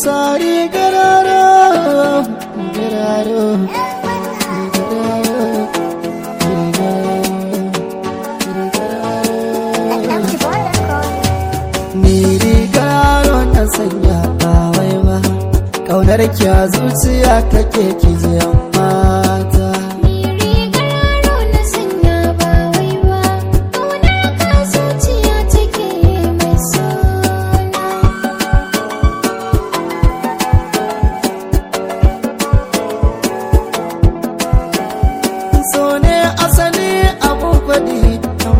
sari gararo gararo sanya ba wai ba kaunar ki a zuciya take ki ji amma faɗi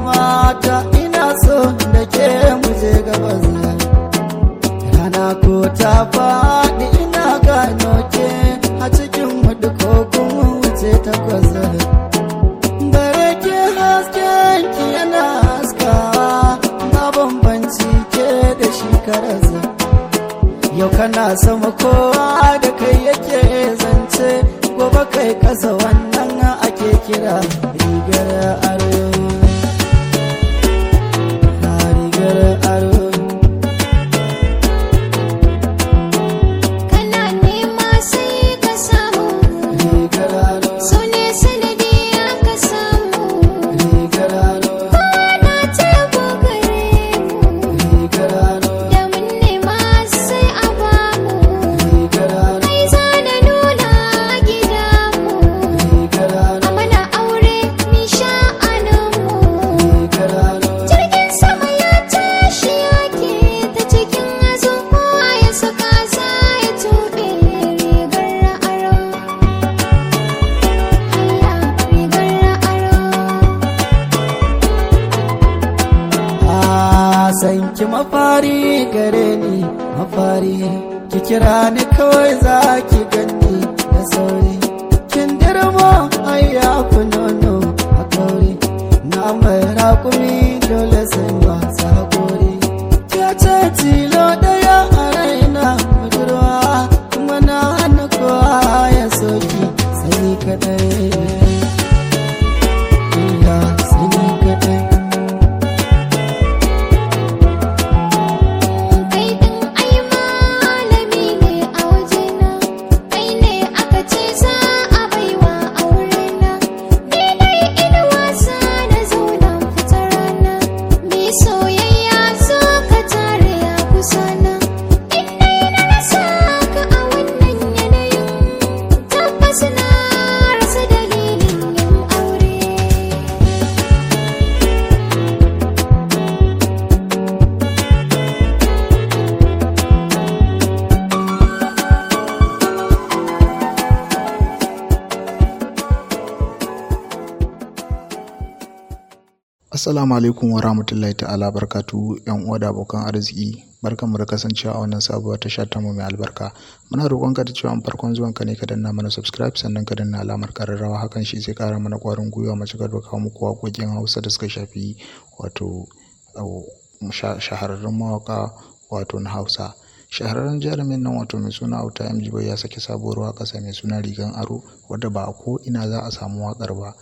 mata ina so da ke muje gabas rana ko ta faɗi ina gano ke a cikin wadda ko kuma wuce takwas bare ke hasken ki yana haskawa na ke da shi shekararsa yau kana sama kowa da kai yake zance gobe kai kasa wannan ake kira sanki mafari gare ni mafari ki kira ni kawai za ki gani da sauri Assalamu alaikum wa rahmatullahi ta'ala barkatu yan uwa da abokan arziki barkan mu da kasancewa a wannan sabuwar tasha ta mai albarka muna roƙon ka da cewa farkon zuwan ka ne ka danna mana subscribe sannan ka danna alamar kararrawa hakan shi zai ƙara mana ƙwarin gwiwa mu cika doka muku waƙoƙin Hausa da suka shafi wato shahararrun mawaƙa wato na Hausa shahararren jarumin nan wato mai suna auta mjibo ya saki sabuwar waƙarsa mai suna rigan aro wadda ba a ko ina za a samu waƙar ba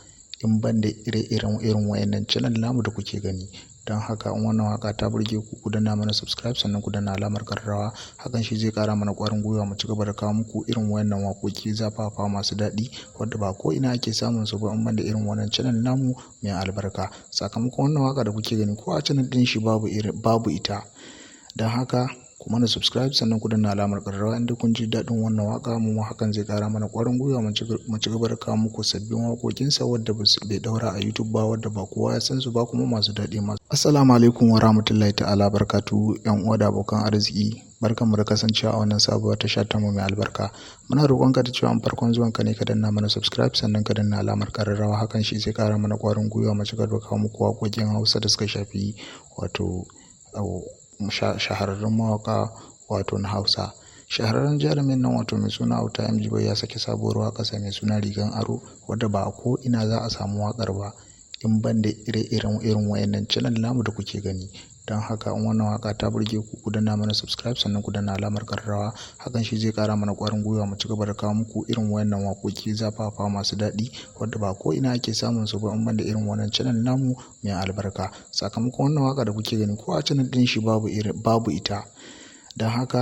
in ban da ire-iren irin wayannan channel namu da kuke gani don haka in wannan waka ta burge ku ku danna mana subscribe sannan ku danna alamar karrawa hakan shi zai kara mana kwarin gwiwa mu ci gaba da kawo muku irin wannan wakoki zafafa masu daɗi wadda ba ko ina ake samun su ba in ban da irin wannan channel namu mai albarka sakamakon wannan waka da kuke gani ko a channel din shi babu babu ita don haka kuma na subscribe sannan ku danna alamar ƙararrawa inda kun ji daɗin wannan waka mu ma hakan zai kara mana ƙwarin gwiwa mu ci gaba da kawo muku sabbin waƙoƙinsa wadda bai daura a YouTube ba wadda ba kowa ya san su ba kuma masu daɗi masu. Assalamu alaikum wa rahmatullahi ta'ala barkatu ƴan uwa da abokan arziki barkan mu da kasancewa a wannan sabuwar tasha ta mu mai albarka muna roƙon ka da cewa farkon zuwan ka ne ka danna mana subscribe sannan ka danna alamar ƙararrawa hakan shi zai kara mana ƙwarin gwiwa mu ci gaba da kawo muku waƙoƙin Hausa da suka shafi wato shahararrun mawaƙa wato na Hausa. Shahararren jarumin nan wato mai suna Auta M ya saki sabuwar waƙarsa mai suna Rigan Aro wadda ba a ko ina za a samu waƙar ba. in ban da ire-iren irin wayannan channel namu da kuke gani don haka in wannan waka ta burge ku ku danna mana subscribe sannan ku danna alamar karrawa hakan shi zai kara mana kwarin gwiwa mu ci gaba da kawo muku irin wayannan wakoki zafafa masu daɗi wadda ba ko ina ake samun su ba in ban da irin wannan channel namu mai albarka sakamakon wannan waka da kuke gani ko a channel din shi babu ita don haka